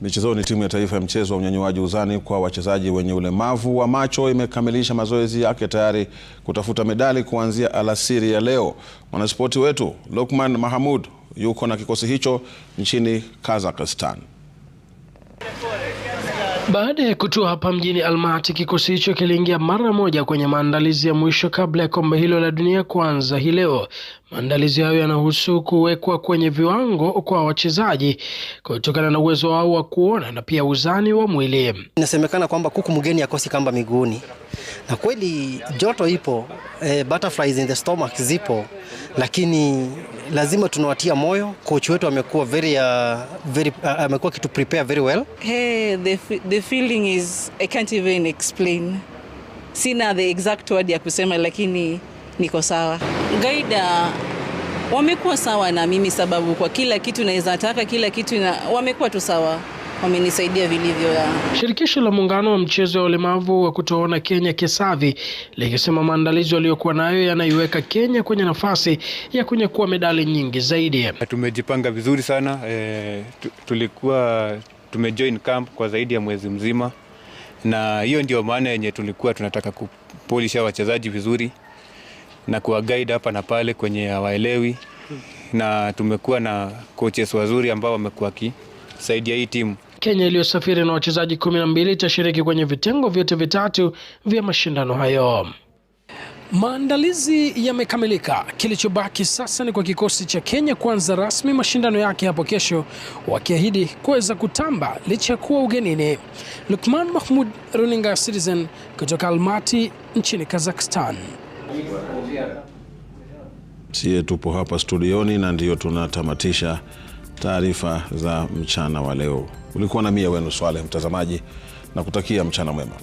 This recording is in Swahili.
Michezoni, timu ya taifa ya mchezo wa unyanyuaji uzani kwa wachezaji wenye ulemavu wa macho imekamilisha mazoezi yake tayari kutafuta medali kuanzia alasiri ya leo. Mwanaspoti wetu Lukman Mahamud yuko na kikosi hicho nchini Kazakhstan. Baada ya kutua hapa mjini Almaty, kikosi hicho kiliingia mara moja kwenye maandalizi ya mwisho kabla ya kombe hilo la dunia kuanza hii leo. Maandalizi hayo yanahusu kuwekwa kwenye viwango kwa wachezaji kutokana na uwezo wao wa kuona na pia uzani wa mwili. Inasemekana kwamba kuku mgeni akosi kamba miguuni, na kweli joto ipo, eh, butterflies in the stomach zipo lakini lazima tunawatia moyo. Coach wetu amekuwa very, uh, very, uh, amekuwa kitu prepare very well. Hey, the, the feeling is I can't even explain. Sina the exact word ya kusema, lakini niko sawa. Gaida wamekuwa sawa na mimi, sababu kwa kila kitu naweza taka, kila kitu na wamekuwa tu sawa wamenisaidia vilivyo. Shirikisho la muungano wa mchezo wa ulemavu wa kutoona Kenya KESAVI likisema maandalizi waliokuwa nayo yanaiweka Kenya kwenye nafasi ya kunyakua medali nyingi zaidi. Tumejipanga vizuri sana e, tulikuwa tumejoin camp kwa zaidi ya mwezi mzima, na hiyo ndio maana yenye tulikuwa tunataka kupolisha wachezaji vizuri na kuwa guide hapa na pale kwenye hawaelewi, na tumekuwa na coaches wazuri ambao wamekuwa wakisaidia hii timu. Kenya iliyosafiri na wachezaji kumi na mbili itashiriki kwenye vitengo vyote vitatu vya mashindano hayo. Maandalizi yamekamilika. Kilichobaki sasa ni kwa kikosi cha Kenya kuanza rasmi mashindano yake hapo kesho, wakiahidi kuweza kutamba licha ya kuwa ugenini. Lukman Mahmud, runinga Citizen, kutoka Almaty nchini Kazakhstan. siye tupo hapa studioni na ndiyo tunatamatisha taarifa za mchana wa leo. Ulikuwa na mia wenu Swaleh mtazamaji, na kutakia mchana mwema.